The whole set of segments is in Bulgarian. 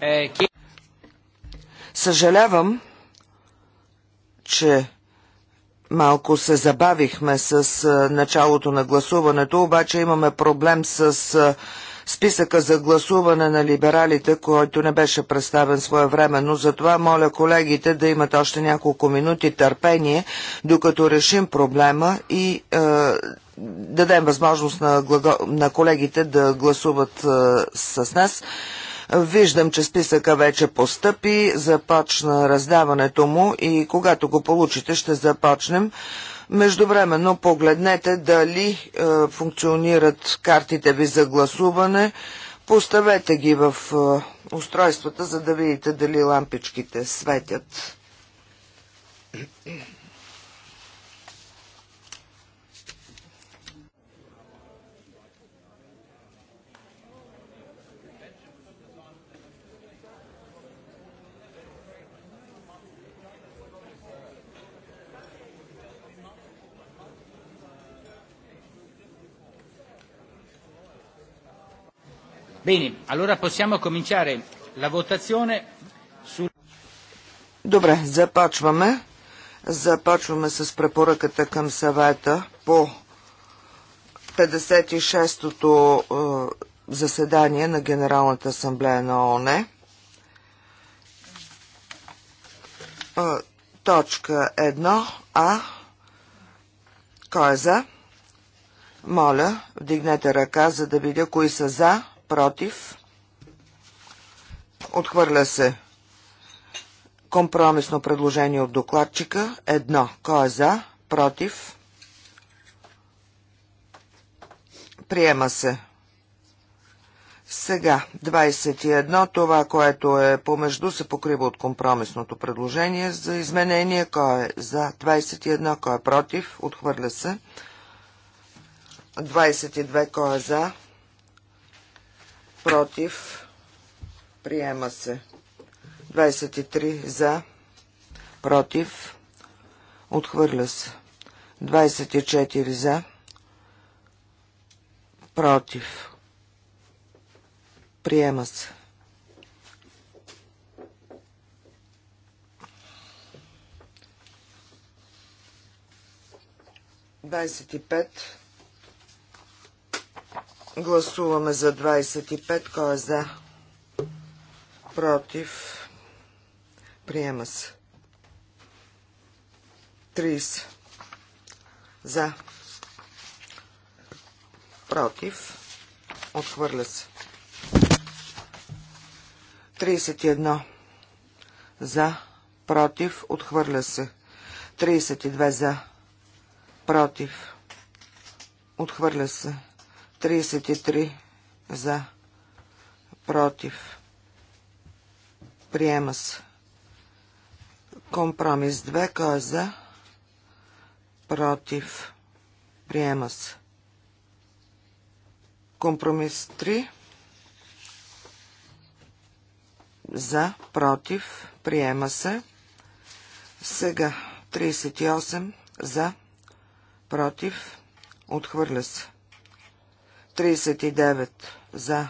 Eh, Съжалявам, че малко се забавихме с е, началото на гласуването, обаче имаме проблем с е, списъка за гласуване на либералите, който не беше представен своевременно. Затова моля колегите да имат още няколко минути търпение, докато решим проблема и е, дадем възможност на, на колегите да гласуват е, с нас. Виждам, че списъка вече постъпи, започна раздаването му и когато го получите ще започнем. Междувременно погледнете дали е, функционират картите ви за гласуване. Поставете ги в е, устройствата, за да видите дали лампичките светят. Bene, allora possiamo cominciare la votazione sul... Добре, започваме. Започваме с препоръката към съвета по 56-тото е, заседание на Генералната асамблея на ООН. Е, точка 1 А. Кой е за? Моля, вдигнете ръка, за да видя кои са за, против, отхвърля се компромисно предложение от докладчика, едно, кой е за, против, приема се. Сега, 21, това, което е помежду, се покрива от компромисното предложение за изменение. Кой е за 21, кой е против, отхвърля се. 22, кой е за, против, приема се. 23 за, против, отхвърля се. 24 за, против, приема се. Двадцать и Гласуваме за 25. Кой е за? Против. Приема се. 30. За. Против. Отхвърля се. 31. За. Против. Отхвърля се. 32. За. Против. Отхвърля се. 33 за, против, приема се. Компромис 2, кой е за, против, приема се. Компромис 3 за, против, приема се. Сега 38 за, против, отхвърля се. 39 за,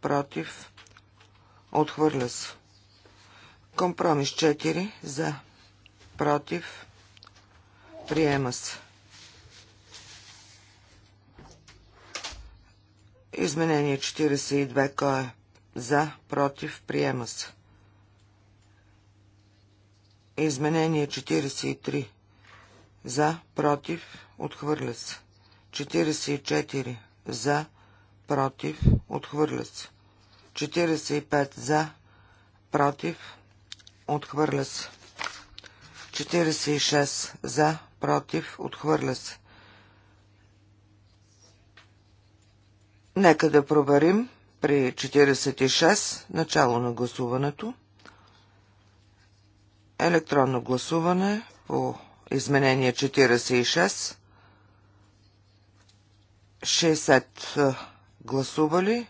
против, отхвърля се. Компромис 4 за, против, приема се. Изменение 42. Кой е? За, против, приема се. Изменение 43. За, против, отхвърля се. 44 за, против, отхвърля се. 45 за, против, отхвърля се. 46 за, против, отхвърля се. Нека да проверим при 46 начало на гласуването. Електронно гласуване по изменение 46. 60 гласували.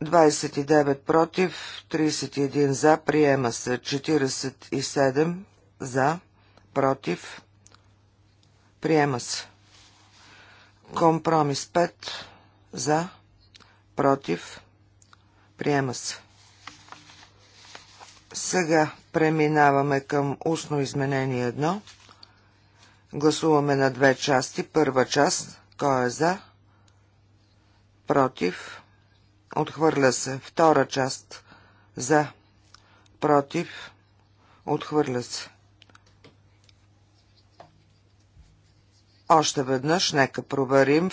Двадесет и девет против, тридесет и един за, приема се, четиридесет и седем за, против, приема се. Компромис 5 за, против, приема се. Сега преминаваме към устно изменение 1. Гласуваме на две части. Първа част. Кой е за? Против. Отхвърля се. Втора част. За. Против. Отхвърля се. Още веднъж нека проверим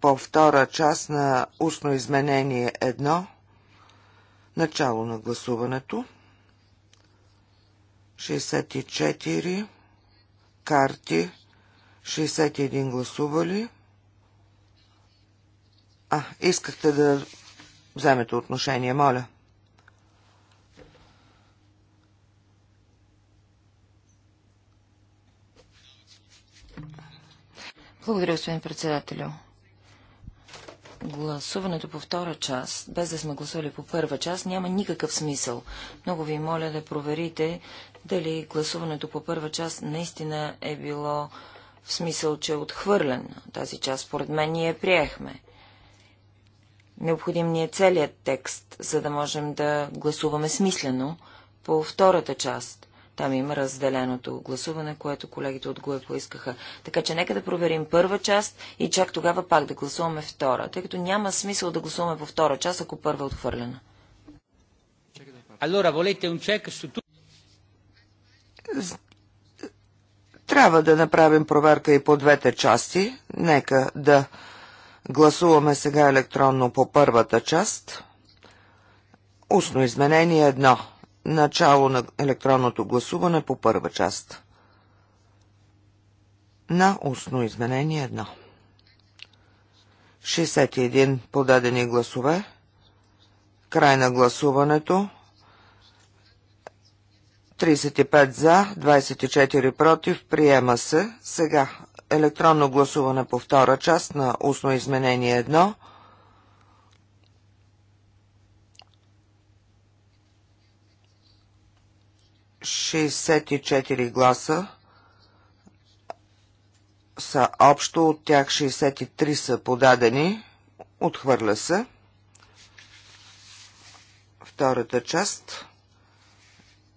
по втора част на устно изменение 1. Начало на гласуването. 64 карти, 61 гласували. А, искахте да вземете отношение, моля. Благодаря, господин председателю. Гласуването по втора част, без да сме гласували по първа част, няма никакъв смисъл. Много ви моля да проверите дали гласуването по първа част наистина е било в смисъл, че е отхвърлен. Тази част, според мен, ние приехме. Необходим ни е целият текст, за да можем да гласуваме смислено по втората част. Там има разделеното гласуване, което колегите от ГУЕ поискаха. Така че нека да проверим първа част и чак тогава пак да гласуваме втора, тъй като няма смисъл да гласуваме по втора част, ако първа е отхвърлена. Allora volete un check su трябва да направим проверка и по двете части. Нека да гласуваме сега електронно по първата част. Устно изменение едно. Начало на електронното гласуване по първа част. На устно изменение едно. 61 подадени гласове. Край на гласуването. 35 за, 24 против, приема се. Сега електронно гласуване по втора част на устно изменение 1. Шестдесет и четири гласа са общо, от тях 63 са подадени, отхвърля се. Втората част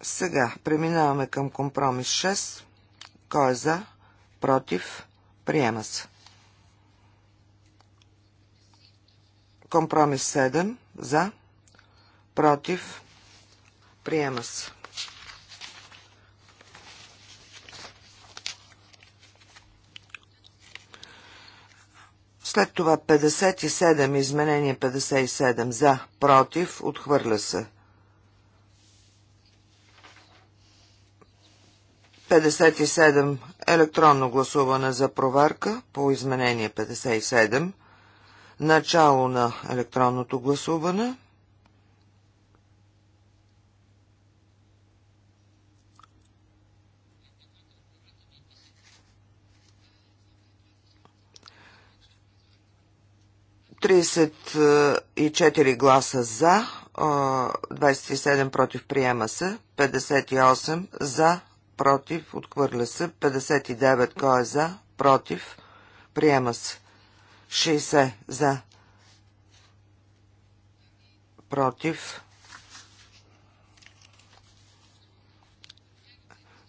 сега преминаваме към компромис 6. Кой е за? Против? Приема се. Компромис 7. За? Против? Приема се. След това 57, изменение 57 за, против, отхвърля се. 57. Електронно гласуване за проверка по изменение 57. Начало на електронното гласуване. Тридесет и четири гласа за, 27 против приема се, 58 за, против, отхвърля се. 59 кой е за, против, приема се. 60 за, против.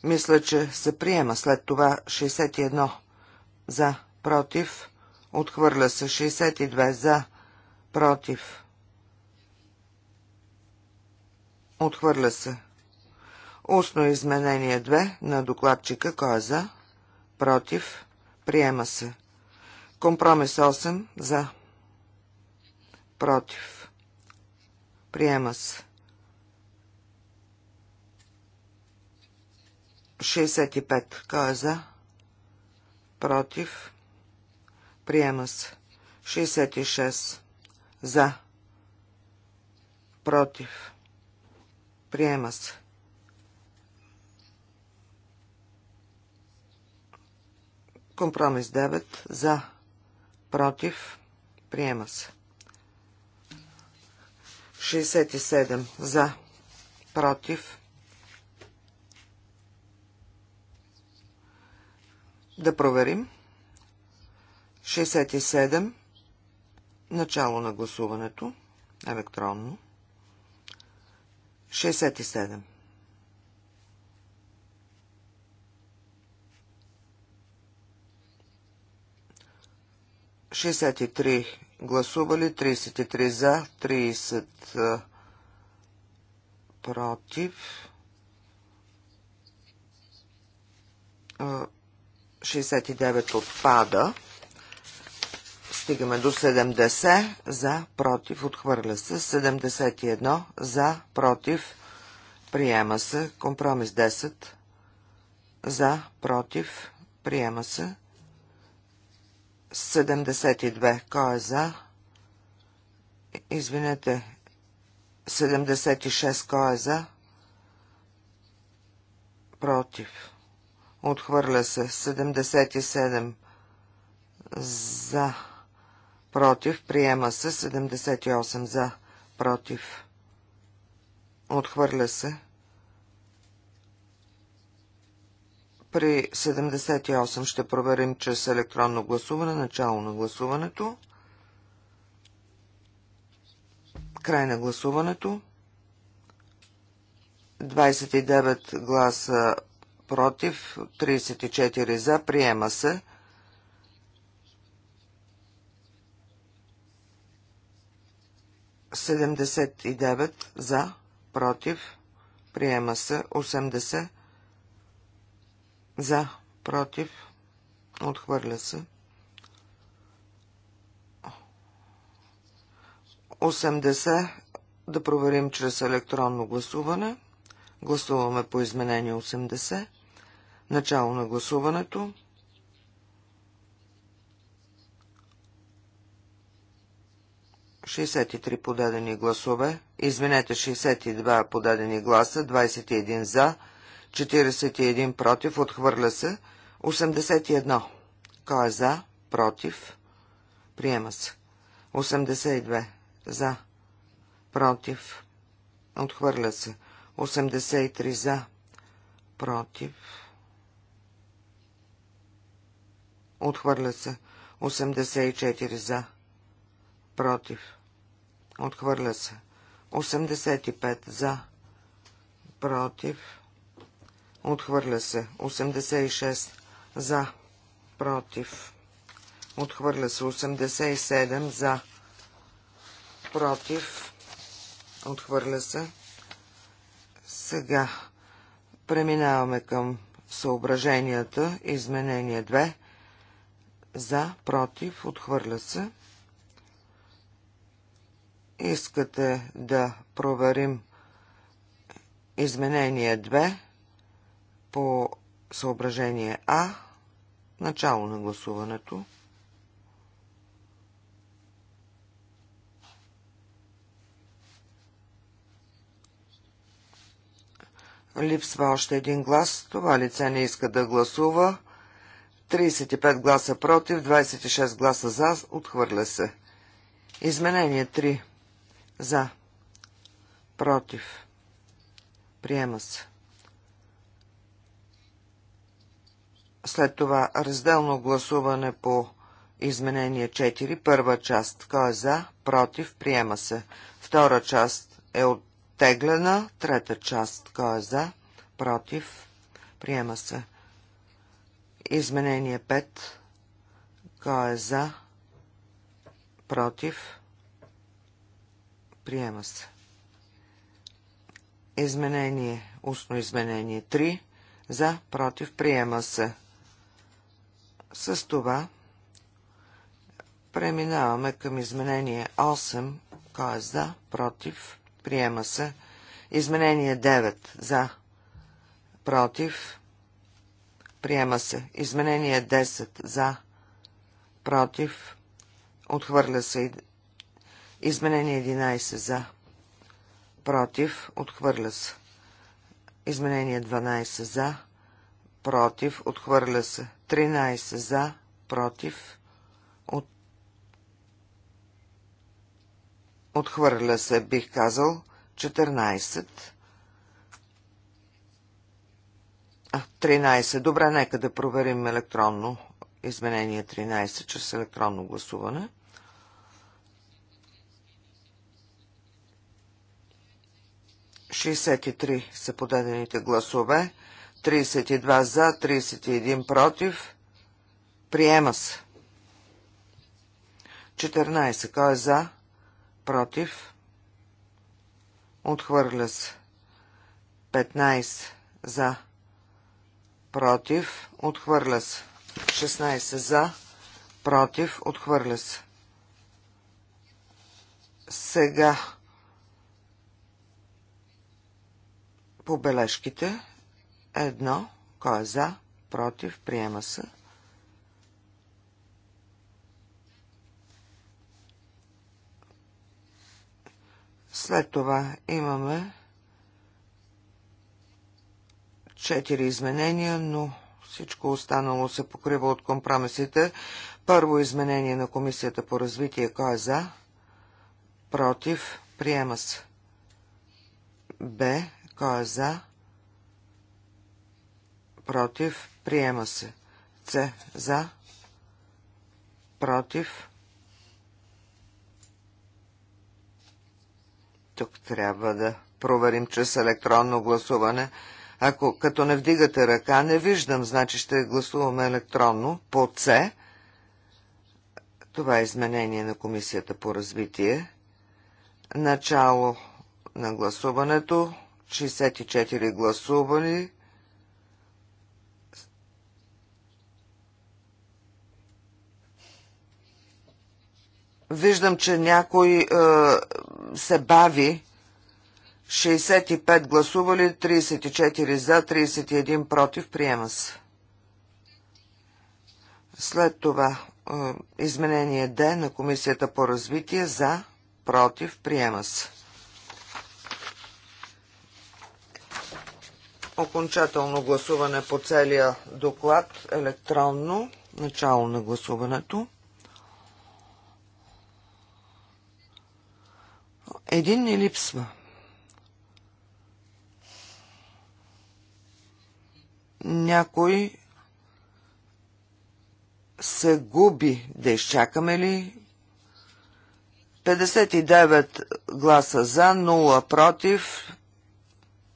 Мисля, че се приема. След това 61 за, против, отхвърля се. 62 за, против, отхвърля се. Устно изменение 2 на докладчика. Кой е за? Против. Приема се. Компромис 8. За. Против. Приема се. 65. Кой е за? Против. Приема се. 66. За. Против. Приема се. Компромис 9. За. Против. Приема се. 67. За. Против. Да проверим. 67. Начало на гласуването. Електронно. 67. 63 гласували, 33 за, 30 против. 69 отпада. Стигаме до 70 за, против, отхвърля се. 71 за, против, приема се. Компромис 10 за, против, приема се. 72. Кой е за? Извинете. 76. Кой е за? Против. Отхвърля се. 77. За. Против. Приема се. 78. За. Против. Отхвърля се. при 78 ще проверим чрез електронно гласуване, начало на гласуването, край на гласуването, 29 гласа против, 34 за, приема се. Седемдесет и девет за, против, приема се, осемдесет за, против, отхвърля се. 80 да проверим чрез електронно гласуване. Гласуваме по изменение 80. Начало на гласуването. подадени гласове. Извинете, 62 подадени гласа, 21 за, 41 против, отхвърля се. 81. Кой е за? Против. Приема се. 82. За. Против. Отхвърля се. 83 за. Против. Отхвърля се. 84 за. Против. Отхвърля се. 85 за. Против. Отхвърля се. 86 за. Против. Отхвърля се. 87 за. Против. Отхвърля се. Сега преминаваме към съображенията. Изменение 2. За. Против. Отхвърля се. Искате да проверим изменение 2 по съображение А, начало на гласуването. Липсва още един глас. Това лице не иска да гласува. 35 гласа против, 26 гласа за. Отхвърля се. Изменение 3. За. Против. Приема се. След това разделно гласуване по изменение 4, първа част. Кой е за, против, приема се. Втора част е оттеглена, трета част. Кой е за, против, приема се. Изменение 5. Кой е за, против, приема се. Изменение, устно изменение 3. За, против, приема се. С това преминаваме към изменение 8, кое е за, против, приема се. Изменение 9, за, против, приема се. Изменение 10, за, против, отхвърля се. Изменение 11, за, против, отхвърля се. Изменение 12, за, против, отхвърля се. 13 за, против, от... отхвърля се, бих казал. 14. А, 13. Добре, нека да проверим електронно изменение 13 чрез електронно гласуване. Шестдесет и три са подадените гласове. 32 за, 31 против. Приема се. 14. Кой е за? Против. Отхвърля се. 15 за. Против. Отхвърля се. 16 за. Против. Отхвърля се. Сега по бележките. Едно. Кой е за? Против. Приема се. След това имаме четири изменения, но всичко останало се покрива от компромисите. Първо изменение на Комисията по развитие. Кой е за? Против. Приема се. Б. Кой е за? против, приема се. С за, против. Тук трябва да проверим чрез електронно гласуване. Ако като не вдигате ръка, не виждам, значи ще гласуваме електронно по С. Това е изменение на Комисията по развитие. Начало на гласуването. 64 гласували, Виждам, че някой е, се бави. 65 гласували, 34 за, 31 против. Приема се. След това е, изменение Д на Комисията по развитие за, против. Приема се. Окончателно гласуване по целия доклад електронно. Начало на гласуването. Един ни липсва. Някой се губи. Да изчакаме ли? 59 гласа за, 0 против.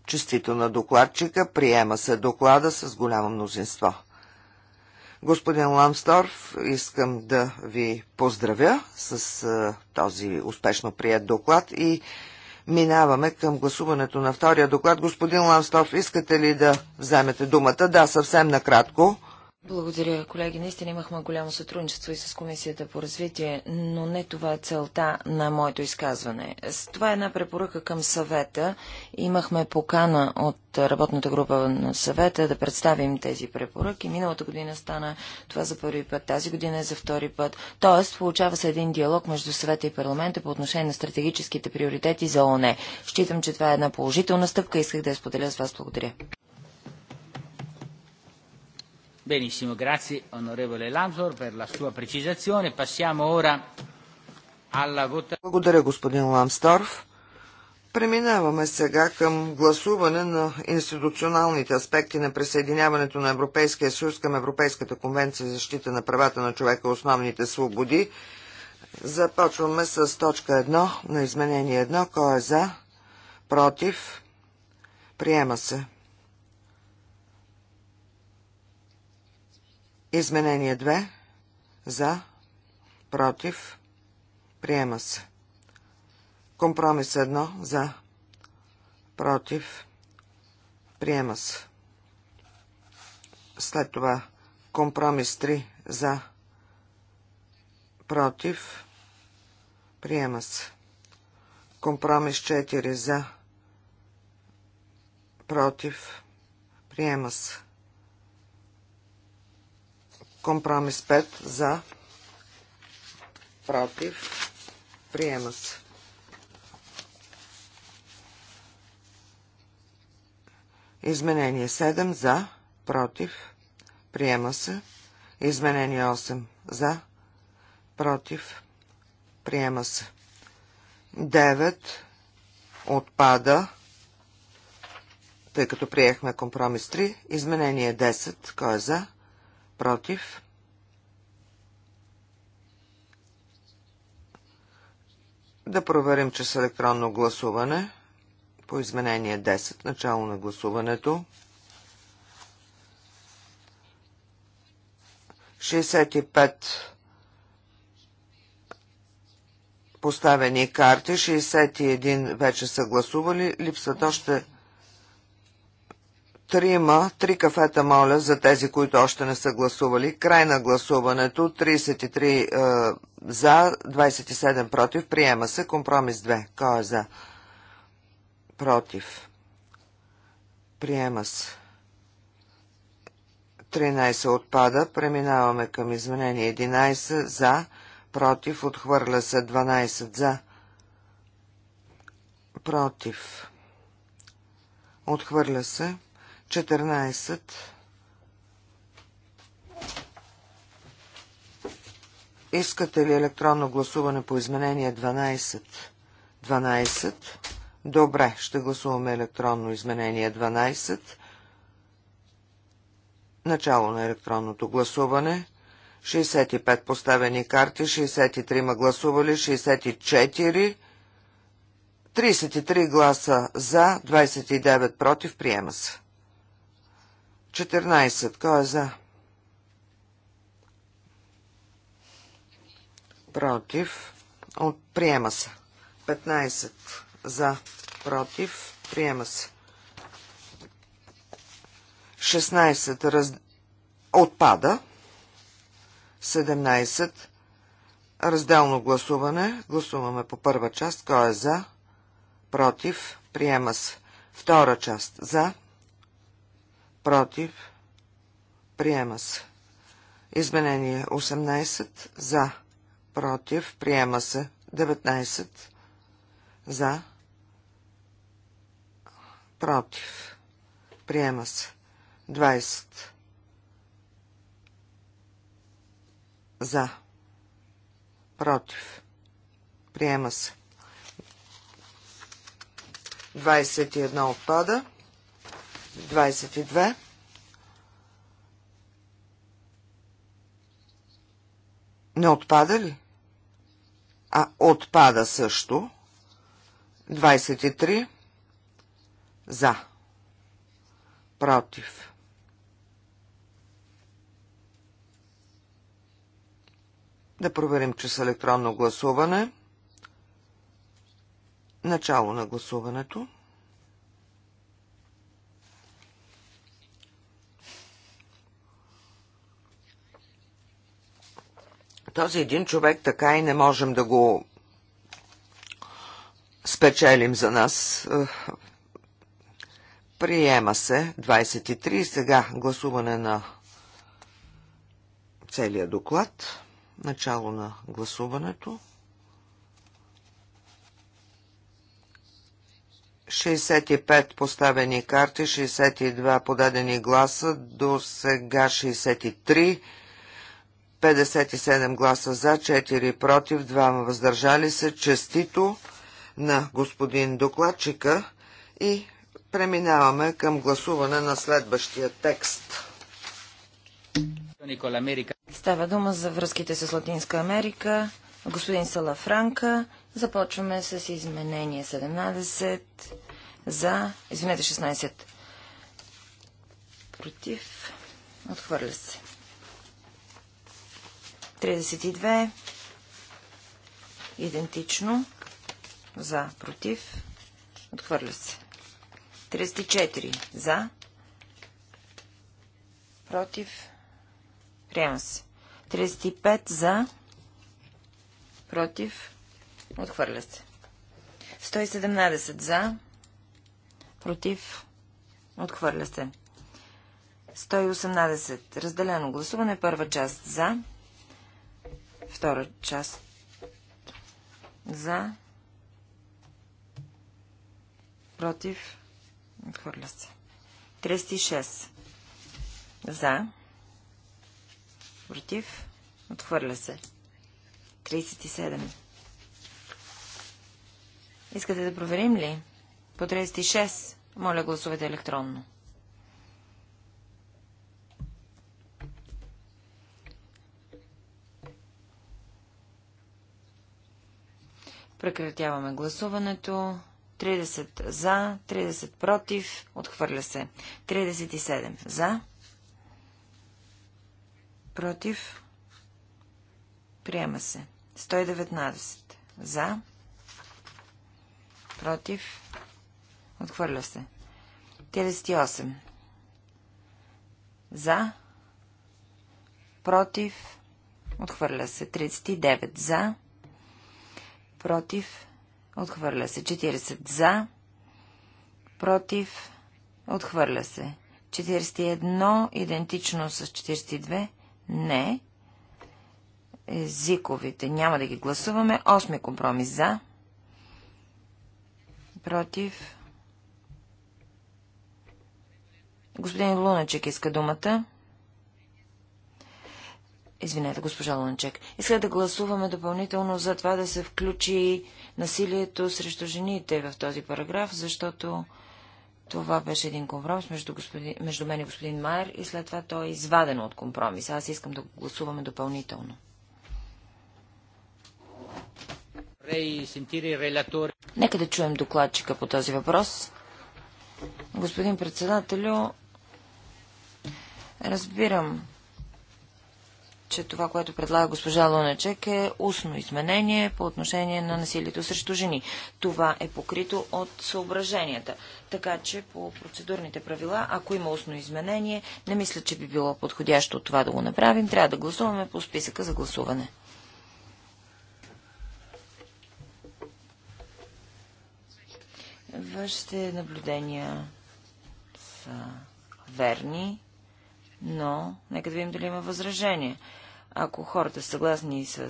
Честито на докладчика. Приема се доклада с голямо мнозинство. Господин Ламсторф, искам да ви поздравя с този успешно прият доклад и минаваме към гласуването на втория доклад. Господин Ламсторф, искате ли да вземете думата? Да, съвсем накратко. Благодаря, колеги. Наистина имахме голямо сътрудничество и с Комисията по развитие, но не това е целта на моето изказване. Това е една препоръка към съвета. Имахме покана от работната група на съвета да представим тези препоръки. Миналата година стана това за първи път, тази година е за втори път. Тоест, получава се един диалог между съвета и парламента по отношение на стратегическите приоритети за ОНЕ. Считам, че това е една положителна стъпка. Исках да я споделя с вас. Благодаря. Benissimo, grazie onorevole Lamsor per la sua precisazione. Passiamo ora alla votazione. Благодаря, господин Ламсторф. Преминаваме сега към гласуване на институционалните аспекти на присъединяването на Европейския съюз към Европейската конвенция за защита на правата на човека и основните свободи. Започваме с точка 1 на изменение 1. Кой е за? Против? Приема се. Изменение 2. За. Против. Приема се. Компромис 1. За. Против. Приема се. След това компромис 3. За. Против. Приема се. Компромис 4. За. Против. Приема се. Компромис 5 за, против, приема се. Изменение 7 за, против, приема се. Изменение 8 за, против, приема се. 9 отпада, тъй като приехме компромис 3. Изменение 10, кой е за, против, да проверим, че с електронно гласуване по изменение 10, начало на гласуването, 65 поставени карти, 61 вече са гласували, липсват още трима, три кафета моля за тези, които още не са гласували. Край на гласуването 33 е, за, 27 против. Приема се компромис 2. Кой е за? Против. Приема се. 13 отпада. Преминаваме към изменение 11 за, против. Отхвърля се 12 за, против. Отхвърля се. 14. Искате ли електронно гласуване по изменение 12? 12. Добре, ще гласуваме електронно изменение 12. Начало на електронното гласуване. 65 поставени карти, 63 ма гласували, 64, 33 гласа за, 29 против, приема се. 14. Кой е за? Против. От, приема се. 15. За. Против. Приема се. 16. Раз... Отпада. 17. Разделно гласуване. Гласуваме по първа част. Кой е за? Против. Приема се. Втора част. За против, приема се. Изменение 18 за, против, приема се. 19 за, против, приема се. 20 за, против, приема се. 21 отпада. 22. Не отпада ли? А отпада също. 23. За. Против. Да проверим, че с електронно гласуване. Начало на гласуването. този един човек така и не можем да го спечелим за нас. Приема се 23. Сега гласуване на целият доклад. Начало на гласуването. 65 поставени карти, 62 подадени гласа, до сега 63 57 гласа за, 4 против, 2 въздържали се. Честито на господин докладчика и преминаваме към гласуване на следващия текст. Става дума за връзките с Латинска Америка. Господин Салафранка, започваме с изменение 17 за... Извинете, 16 против. Отхвърля се. 32. Идентично. За. Против. Отхвърля се. 34. За. Против. Приема се. 35. За. Против. Отхвърля се. 117. За. Против. Отхвърля се. 118. Разделено гласуване. Първа част за. Втора част. За. Против. Отхвърля се. 36. За. Против. Отхвърля се. 37. Искате да проверим ли? По 36. Моля, гласувайте електронно. Прекратяваме гласуването. 30 за, 30 против, отхвърля се. 37 за, против, приема се. 119 за, против, отхвърля се. 38 за, против, отхвърля се. 39 за, против, отхвърля се. 40 за, против, отхвърля се. 41, идентично с 42, не. Езиковите, няма да ги гласуваме. Осми компромис за, против. Господин Луначек иска думата. Извинете, госпожа Ланчек. Иска да гласуваме допълнително за това да се включи насилието срещу жените в този параграф, защото това беше един компромис между, господи... между мен и господин Майер и след това той е изваден от компромис. Аз искам да гласуваме допълнително. Нека да чуем докладчика по този въпрос. Господин председателю, разбирам че това, което предлага госпожа Лоначек е устно изменение по отношение на насилието срещу жени. Това е покрито от съображенията. Така че по процедурните правила, ако има устно изменение, не мисля, че би било подходящо от това да го направим. Трябва да гласуваме по списъка за гласуване. Вашите наблюдения са верни, но нека да видим дали има възражение. Ако хората са съгласни с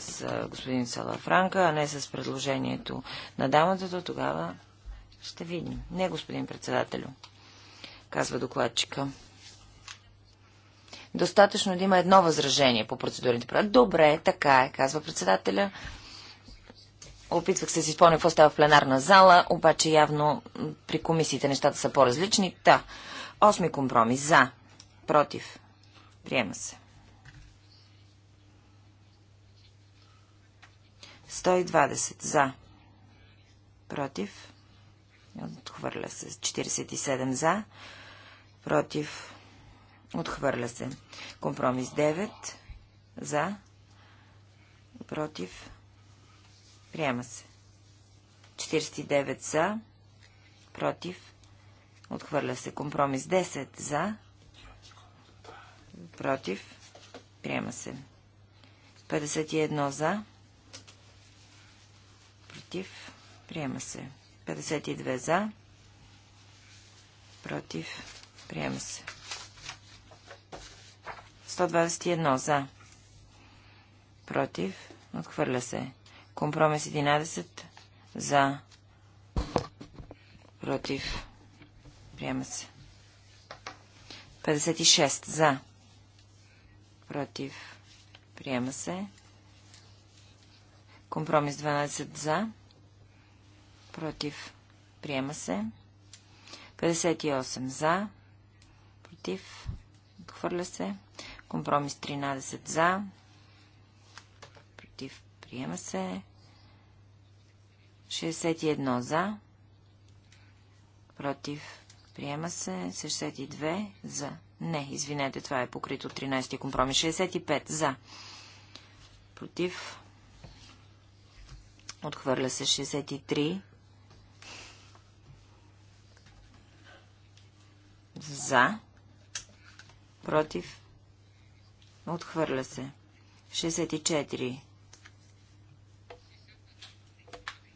господин Салафранка, а не с предложението на дамата, то тогава ще видим. Не, господин председателю, казва докладчика. Достатъчно да има едно възражение по процедурните правила. Добре, така е, казва председателя. Опитвах се да си спомня какво става в пленарна зала, обаче явно при комисиите нещата са по-различни. Та, да. осми компромис. За. Против. Приема се. 120 за. Против. Отхвърля се. 47 за. Против. Отхвърля се. Компромис 9 за. Против. Приема се. 49 за. Против. Отхвърля се. Компромис 10 за. Против. Приема се. 51 за против, приема се. 52 за, против, приема се. 121 за, против, отхвърля се. Компромис 11 за, против, приема се. 56 за, против, приема се. Компромис 12 за, против, приема се. 58 за, против, отхвърля се. Компромис 13 за, против, приема се. 61 за, против, приема се. 62 за, не, извинете, това е покрито 13 компромис. 65 за, против, отхвърля се. 63 За. Против. Отхвърля се. 64.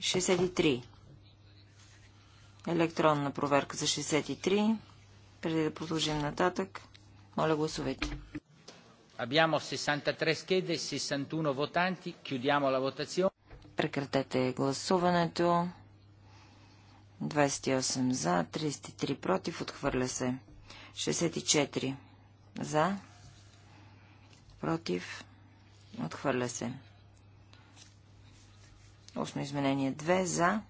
63. Електронна проверка за 63. Преди да продължим нататък, моля гласовете. Абямо 63 скеде, 61 вотанти. Кюдямо ла вотацион. Прекратете гласуването. 28 за, 33 против, отхвърля се. 64 за, против, отхвърля се. Осно изменение 2 за,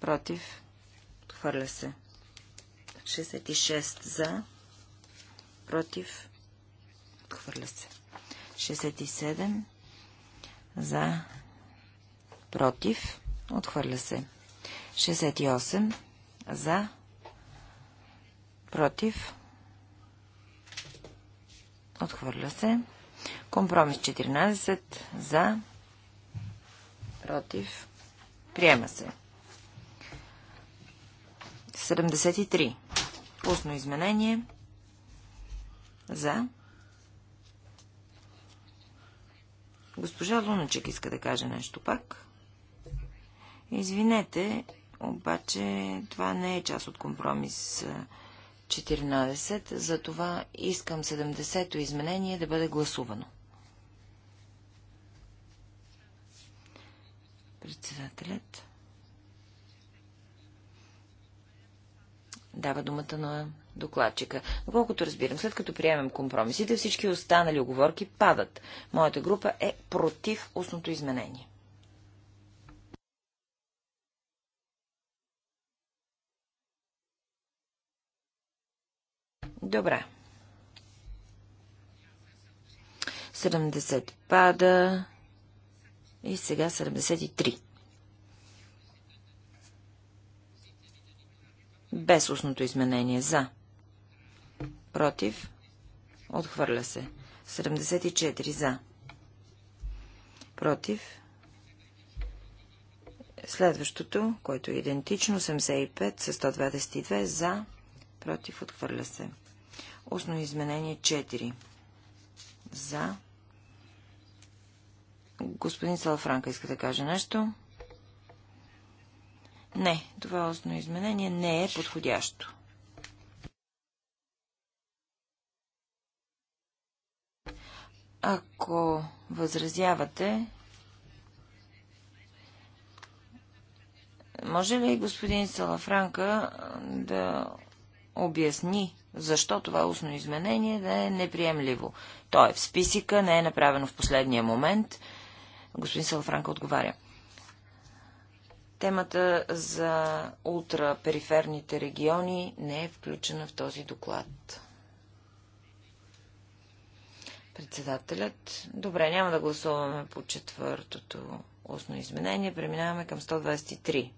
против, отхвърля се. 66 за, против, отхвърля се. 67 за, против, отхвърля се. 68 за, против, отхвърля се. Компромис 14 за, против, приема се. 73. Устно изменение за. Госпожа Луначек иска да каже нещо пак. Извинете, обаче това не е част от компромис 14, затова искам 70-то изменение да бъде гласувано. Председателят дава думата на докладчика. Доколкото разбирам, след като приемем компромисите, всички останали оговорки падат. Моята група е против устното изменение. Добре. 70 пада и сега 73. Без устното изменение. За. Против. Отхвърля се. 74 за. Против. Следващото, което е идентично, 85 с 122 за. Против. Отхвърля се. Устно изменение 4. За. Господин Салафранка иска да каже нещо. Не, това устно изменение не е подходящо. Ако възразявате, може ли господин Салафранка да обясни защо това устно изменение да е неприемливо. То е в списъка, не е направено в последния момент. Господин Салфранка отговаря. Темата за ултрапериферните региони не е включена в този доклад. Председателят. Добре, няма да гласуваме по четвъртото устно изменение. Преминаваме към 123.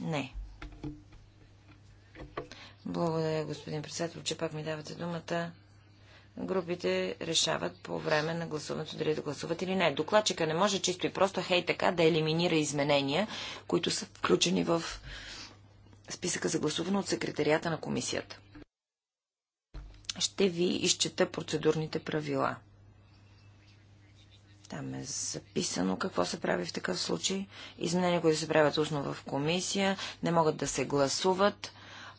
Не. Благодаря, господин председател, че пак ми давате думата. Групите решават по време на гласуването дали да гласуват или не. Докладчика не може чисто и просто хей така да елиминира изменения, които са включени в списъка за гласуване от секретарията на комисията. Ще ви изчета процедурните правила. Там е записано какво се прави в такъв случай. Изменения, които се правят устно в комисия, не могат да се гласуват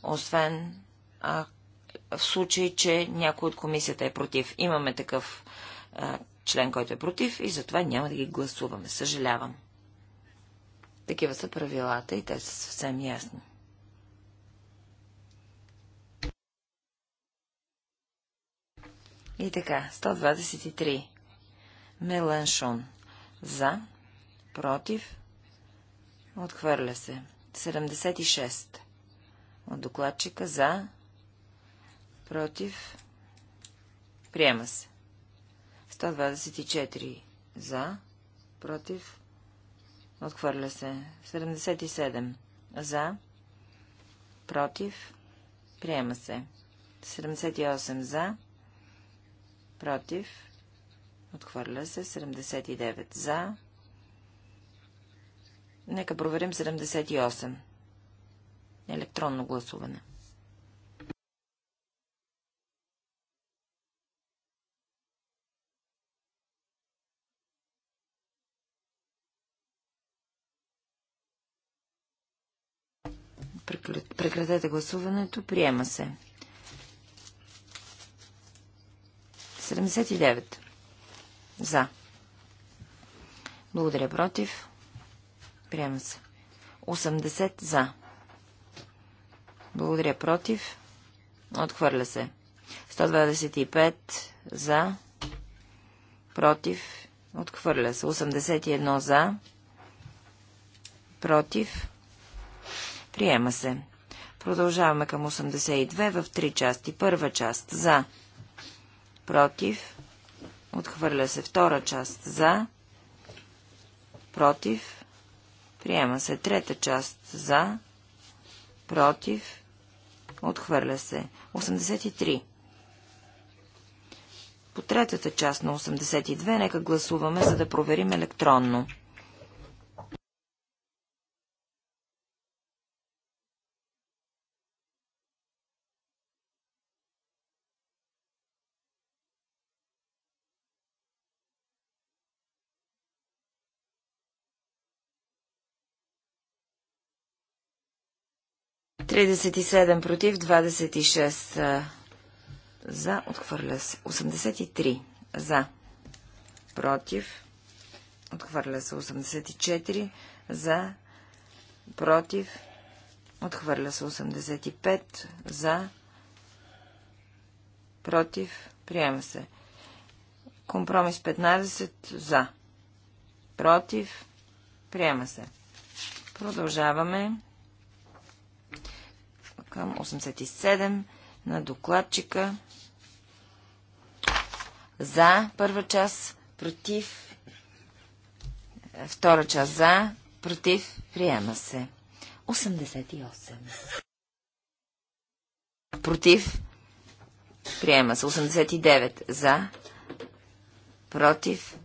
освен а, в случай, че някой от комисията е против. Имаме такъв а, член, който е против и затова няма да ги гласуваме. Съжалявам. Такива са правилата и те са съвсем ясни. И така, 123. Меланшон. За. Против. Отхвърля се. 76 от докладчика за, против, приема се. 124 за, против, отхвърля се. 77 за, против, приема се. 78 за, против, отхвърля се. 79 за. Нека проверим 78 електронно гласуване. Прекратете гласуването. Приема се. 79. За. Благодаря против. Приема се. 80 за. Благодаря. Против. Отхвърля се. 125 за. Против. Отхвърля се. 81 за. Против. Приема се. Продължаваме към 82 в три части. Първа част за. Против. Отхвърля се. Втора част за. Против. Приема се. Трета част за. Против. Отхвърля се. 83. По третата част на 82 нека гласуваме, за да проверим електронно. 37 против, 26 за, отхвърля се. 83 за, против, отхвърля се. 84 за, против, отхвърля се. 85 за, против, приема се. Компромис 15 за, против, приема се. Продължаваме към 87 на докладчика. За първа част, против. Втора част за, против, приема се. 88. Против, приема се. 89 за, против,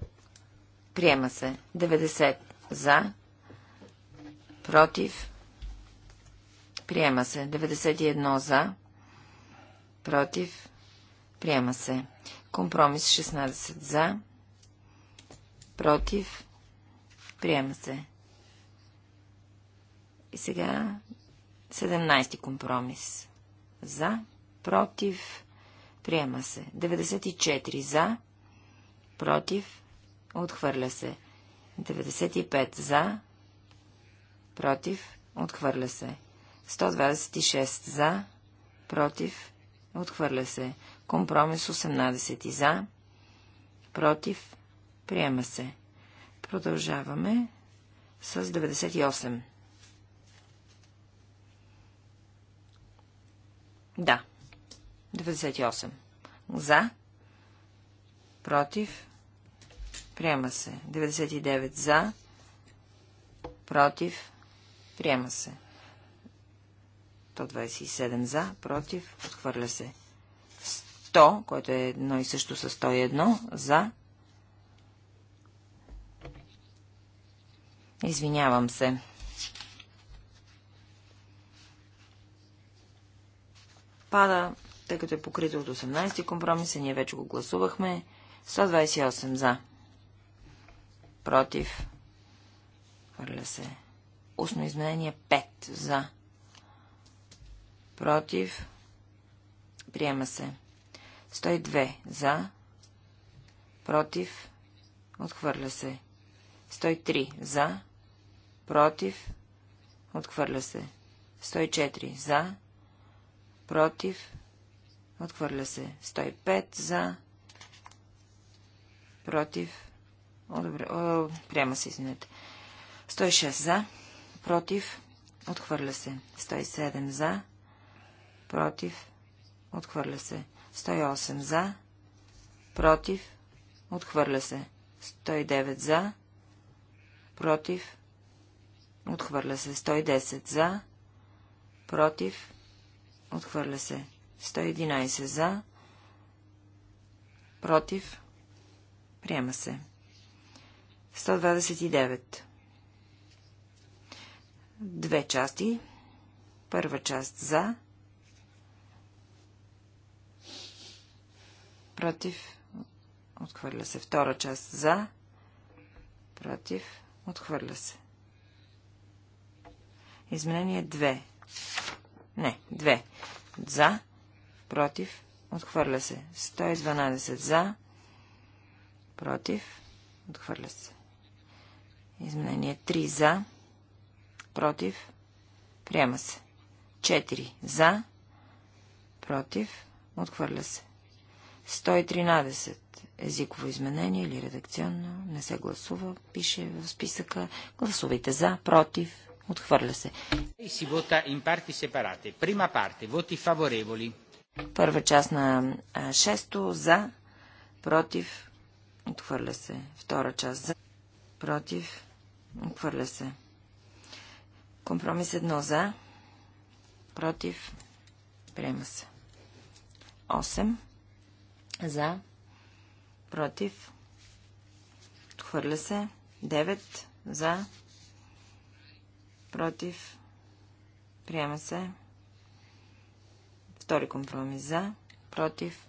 приема се. 90 за, против, Приема се. 91 за. Против. Приема се. Компромис 16 за. Против. Приема се. И сега 17 компромис. За. Против. Приема се. 94 за. Против. Отхвърля се. 95 за. Против. Отхвърля се. 126 за, против, отхвърля се. Компромис 18 за, против, приема се. Продължаваме с 98. Да. 98. За. Против. Приема се. 99 за. Против. Приема се. 127 за, против, отхвърля се. 100, което е едно и също с 101, за. Извинявам се. Пада, тъй като е покрито от 18 компромиса, ние вече го гласувахме. 128 за. Против. Хвърля се. Устно изменение 5 за против, приема се. 102 за, против, отхвърля се. 103 за, против, отхвърля се. 104 за, против, отхвърля се. 105 за, против, О, добре, О, приема се, извинете. 106 за, против, отхвърля се. 107 за, против, отхвърля се. 108 за, против, отхвърля се. 109 за, против, отхвърля се. 110 за, против, отхвърля се. 111 за, против, приема се. 129 Две части. Първа част за, против, отхвърля се. Втора част за, против, отхвърля се. Изменение 2. Не, 2. За, против, отхвърля се. 112 за, против, отхвърля се. Изменение 3 за, против, приема се. 4 за, против, отхвърля се. 113 езиково изменение или редакционно, не се гласува, пише в списъка. Гласувайте за, против, отхвърля се. Си вота им парти сепарате. Прима parte, voti favorevoli. Първа част на шесто за, против, отхвърля се. Втора част за, против, отхвърля се. Компромис едно за, против, приема се. 8 за. Против. Отхвърля се. 9. За. Против. Приема се. Втори компромис. За. Против.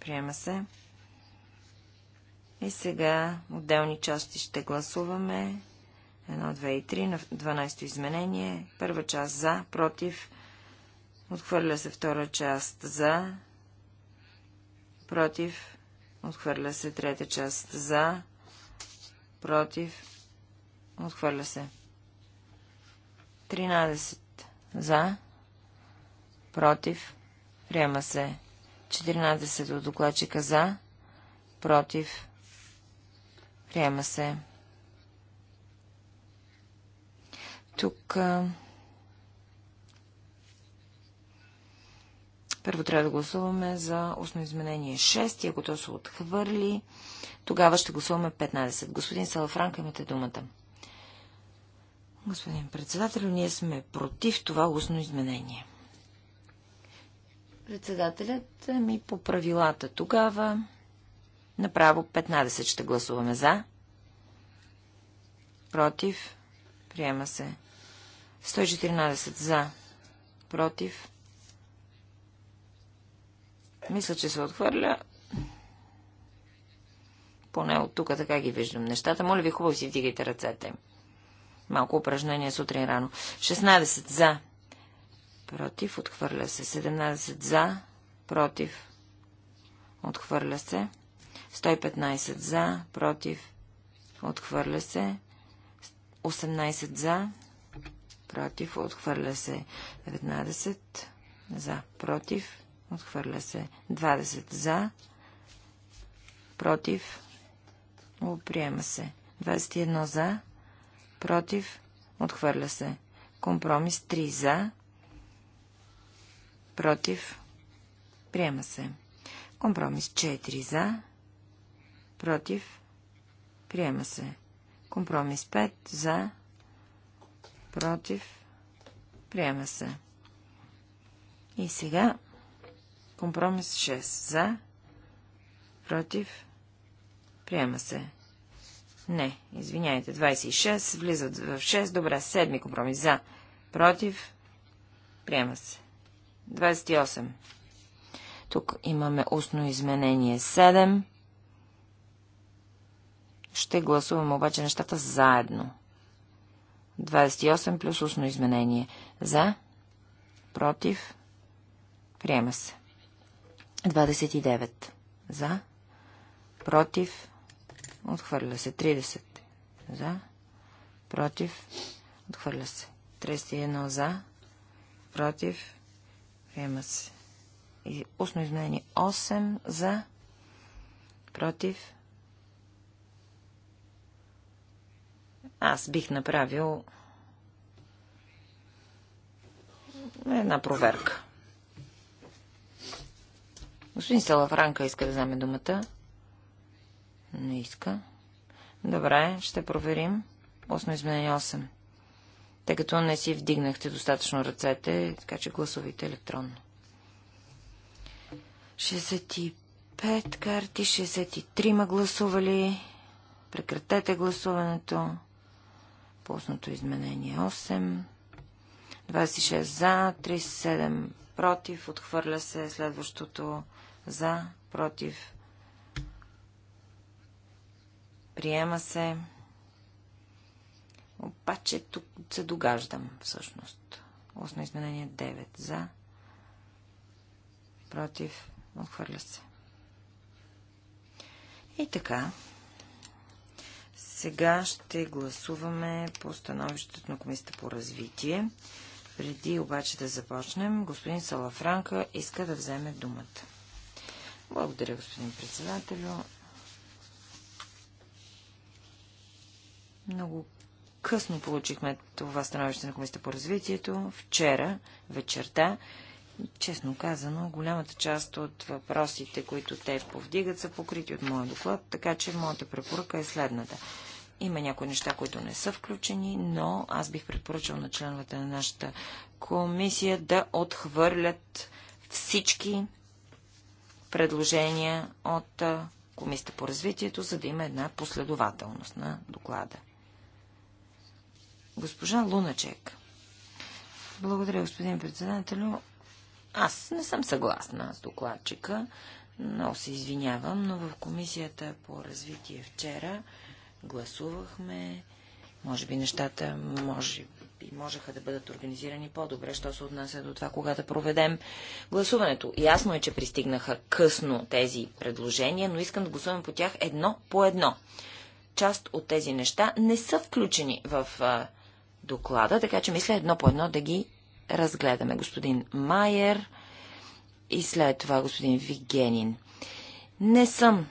Приема се. И сега отделни части ще гласуваме. 1, 2 и 3 на 12-то изменение. Първа част за, против. Отхвърля се втора част за, против, отхвърля се. Трета част за, против, отхвърля се. 13 за, против, приема се. 14 от докладчика за, против, приема се. Тук Първо трябва да гласуваме за устно изменение 6 ако то се отхвърли, тогава ще гласуваме 15. Господин Салафранка, имате думата. Господин председател, ние сме против това устно изменение. Председателят ми по правилата тогава направо 15 ще гласуваме за. Против. Приема се. 114 за. Против. Мисля, че се отхвърля. Поне от тук така ги виждам нещата. Моля ви, хубаво си вдигайте ръцете. Малко упражнение сутрин рано. 16 за. Против. Отхвърля се. 17 за. Против. Отхвърля се. 115 за. Против. Отхвърля се. 18 за. Против. Отхвърля се. 19 за. Против. Отхвърля се. 20 за. Против. Приема се. 21 за. Против. Отхвърля се. Компромис 3 за. Против. Приема се. Компромис 4 за. Против. Приема се. Компромис 5 за. Против. Приема се. И сега Компромис 6. За. Против. Приема се. Не, извиняйте, 26, влизат в 6, добре, седми компромис, за, против, приема се. 28. Тук имаме устно изменение 7. Ще гласуваме обаче нещата заедно. 28 плюс устно изменение. За, против, приема се. 29. За. Против. Отхвърля се. 30. За. Против. Отхвърля се. 31 за. Против. Приема се. И устно изменение 8 за. Против. Аз бих направил една проверка. Господин Салафранка иска да вземе думата. Не иска. Добре, ще проверим. 8 изменение 8. Тъй като не си вдигнахте достатъчно ръцете, така че гласувайте електронно. 65 карти, 63 ма гласували. Прекратете гласуването. Пусното изменение 8. 26 за, 37 против, отхвърля се следващото за, против, приема се. Обаче тук се догаждам всъщност. Осно изменение 9 за, против, отхвърля се. И така, сега ще гласуваме по становището на Комисията по развитие. Преди обаче да започнем, господин Салафранка иска да вземе думата. Благодаря, господин председателю. Много късно получихме това становище на Комисията по развитието. Вчера, вечерта, честно казано, голямата част от въпросите, които те повдигат, са покрити от моя доклад, така че моята препоръка е следната. Има някои неща, които не са включени, но аз бих предпоръчал на членовете на нашата комисия да отхвърлят всички предложения от Комисията по развитието, за да има една последователност на доклада. Госпожа Луначек. Благодаря, господин председателю. Аз не съм съгласна с докладчика. Много се извинявам, но в комисията по развитие вчера гласувахме. Може би нещата може би можеха да бъдат организирани по-добре, що се отнася до това, кога да проведем гласуването. Ясно е, че пристигнаха късно тези предложения, но искам да гласувам по тях едно по едно. Част от тези неща не са включени в а, доклада, така че мисля едно по едно да ги разгледаме. Господин Майер и след това господин Вигенин. Не съм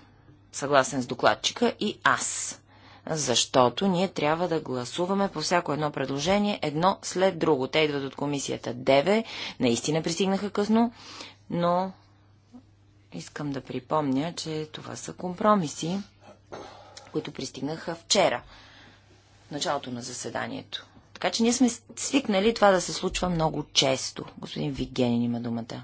съгласен с докладчика и аз защото ние трябва да гласуваме по всяко едно предложение, едно след друго. Те идват от комисията ДЕВЕ, наистина пристигнаха късно, но искам да припомня, че това са компромиси, които пристигнаха вчера, в началото на заседанието. Така че ние сме свикнали това да се случва много често. Господин Вигенин има думата.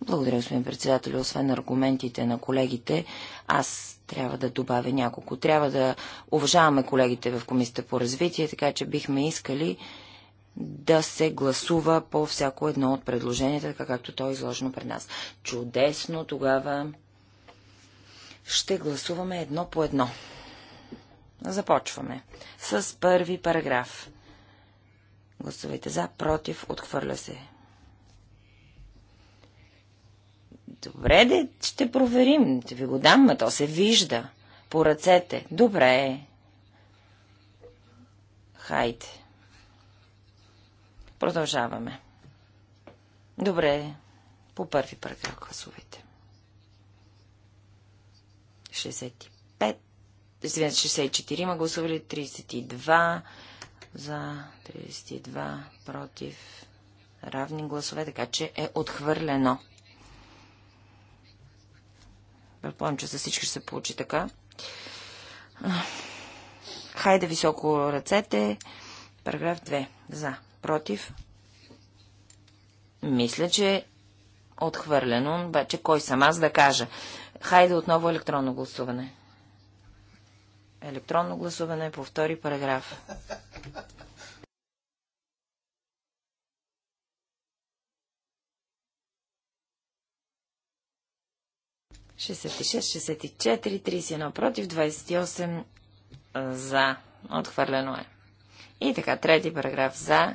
Благодаря, господин председател. Освен аргументите на колегите, аз трябва да добавя няколко. Трябва да уважаваме колегите в Комисията по развитие, така че бихме искали да се гласува по всяко едно от предложенията, така както то е изложено пред нас. Чудесно, тогава ще гласуваме едно по едно. Започваме с първи параграф. Гласувайте за, против, отхвърля се. Добре, де, ще проверим. Ще ви го дам, ма то се вижда. По ръцете. Добре. Хайде. Продължаваме. Добре. По първи параграф гласувайте. 65. Извинете, 64 има гласували. 32 за 32 против равни гласове, така че е отхвърлено. Предполагам, че за всички ще се получи така. Хайде високо ръцете. Параграф 2. За. Против. Мисля, че отхвърлено, обаче кой съм аз да кажа. Хайде отново електронно гласуване. Електронно гласуване по втори параграф. 66, 64, 31 против, 28 за. Отхвърлено е. И така, трети параграф за,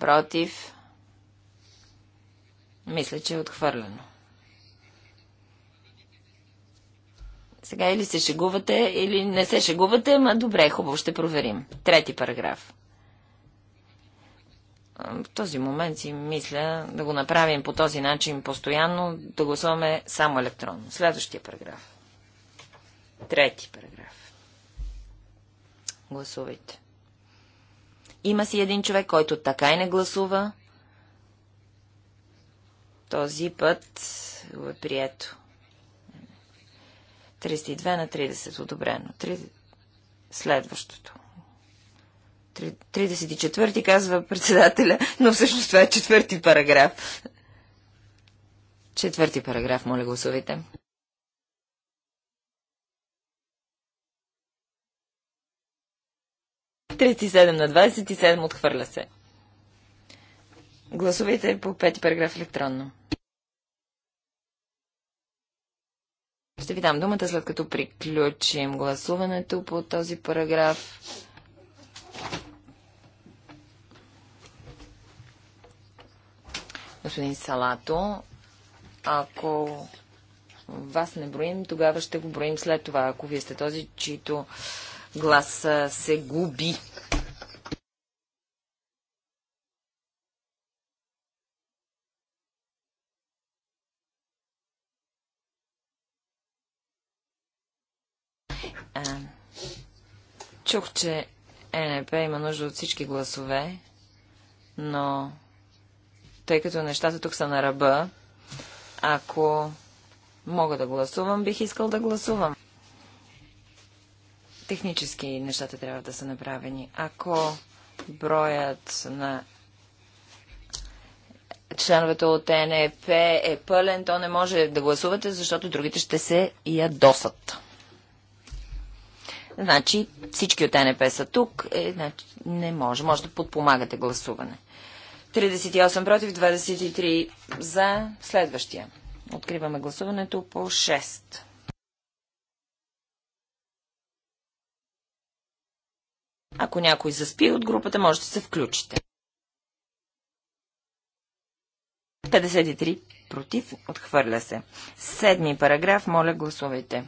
против, мисля, че е отхвърлено. Сега или се шегувате, или не се шегувате, ма добре, хубаво, ще проверим. Трети параграф в този момент си мисля да го направим по този начин постоянно, да гласуваме само електронно. Следващия параграф. Трети параграф. Гласувайте. Има си един човек, който така и не гласува. Този път го е прието. 32 на 30 одобрено. 3... Следващото. 33. 34 ти казва председателя, но всъщност това е четвърти параграф. Четвърти параграф, моля гласувайте. Тридцати седем на 27 отхвърля се. Гласувайте по пети параграф електронно. Ще ви дам думата, след като приключим гласуването по този параграф. господин Салато. Ако вас не броим, тогава ще го броим след това, ако вие сте този, чийто глас се губи. Чух, че ЕНП има нужда от всички гласове, но тъй като нещата тук са на ръба. Ако мога да гласувам, бих искал да гласувам. Технически нещата трябва да са направени. Ако броят на членовете от НЕП е пълен, то не може да гласувате, защото другите ще се ядосат. Значи всички от НП е са тук, е, значи, не може. Може да подпомагате гласуване. 38 против, 23 за. Следващия. Откриваме гласуването по 6. Ако някой заспи от групата, може да се включите. 53 против, отхвърля се. Седми параграф, моля гласувайте.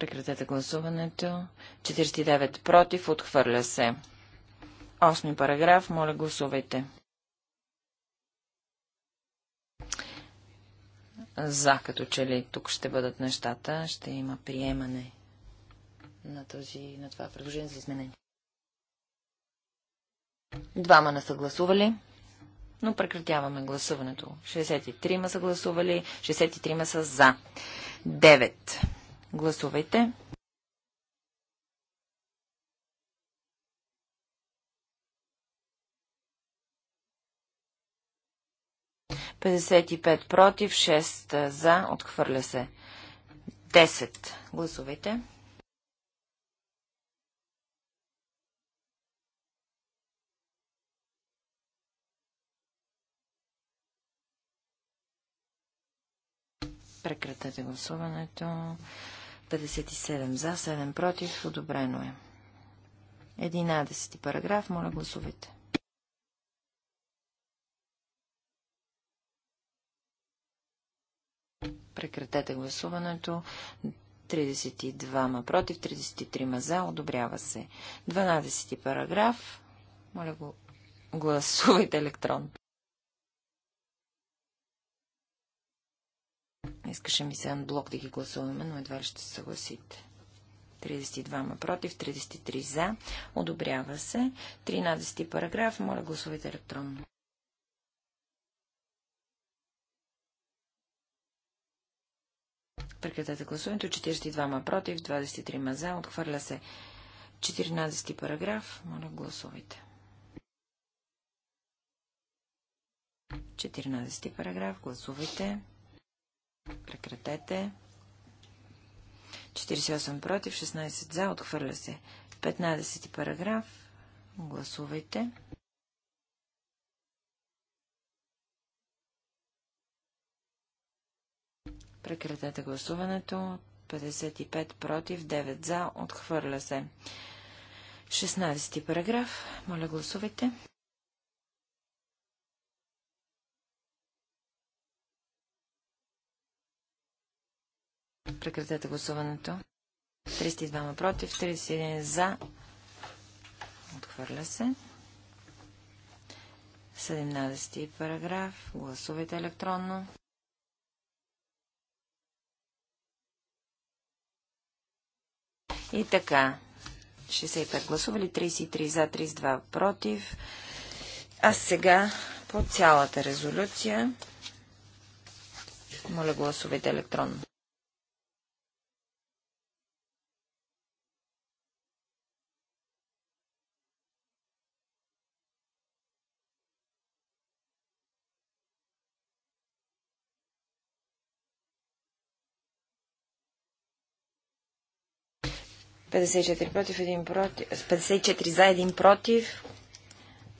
Прекратете гласуването. 49 против. Отхвърля се. Осми параграф. Моля, гласувайте. За, като че ли тук ще бъдат нещата, ще има приемане на, този, на това предложение за изменение. Двама не са гласували, но прекратяваме гласуването. 63 ма са гласували, 63 ма са за. 9. Гласувайте. Петдесет и пет против, шест за, отхвърля се. Десет. Гласувайте. Прекратете гласуването. 57 за, 7 против. Одобрено е. 11 параграф. Моля гласувайте. Прекратете гласуването. 32 против, 33 за. Одобрява се. 12 параграф. Моля го гласувайте електронно. Искаше ми се блок да ги гласуваме, но едва ли ще се съгласите. 32 ма против, 33 за. Одобрява се. 13 параграф. Моля гласувайте електронно. Прекратете гласуването. 42 ма против, 23 ма за. Отхвърля се. 14 параграф. Моля гласувайте. 14 параграф. Гласувайте. Прекратете. 48 против, 16 за, отхвърля се. 15 параграф. Гласувайте. Прекратете гласуването. 55 против, 9 за, отхвърля се. 16 параграф. Моля гласувайте. Прекратете гласуването. 32 против, 31 за. Отхвърля се. 17 параграф. Гласувайте електронно. И така. 65 гласували, 33 за, 32 против. А сега по цялата резолюция. Моля, гласувайте електронно. 54 против, 1 против, 54 за, 1 против.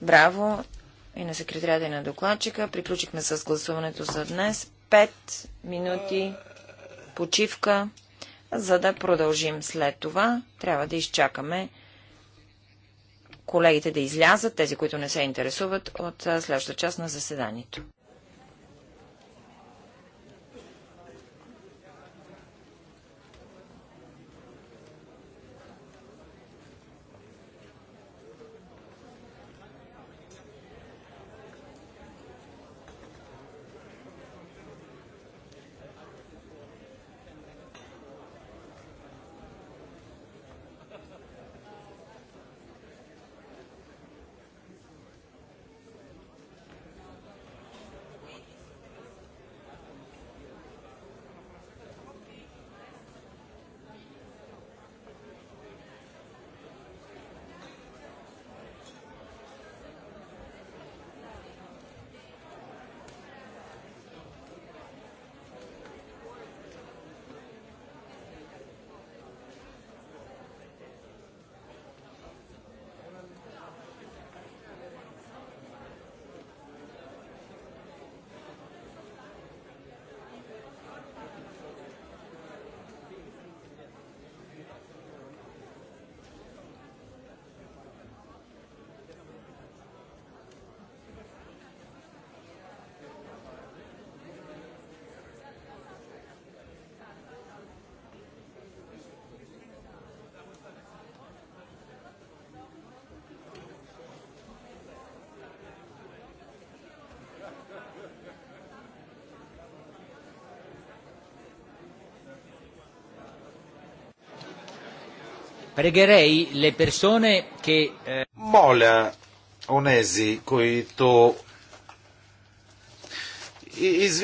Браво и на секретарята и на докладчика. Приключихме с гласуването за днес. 5 минути почивка, за да продължим след това. Трябва да изчакаме колегите да излязат, тези, които не се интересуват от следващата част на заседанието. Pregherei le persone che... Моля, онези, които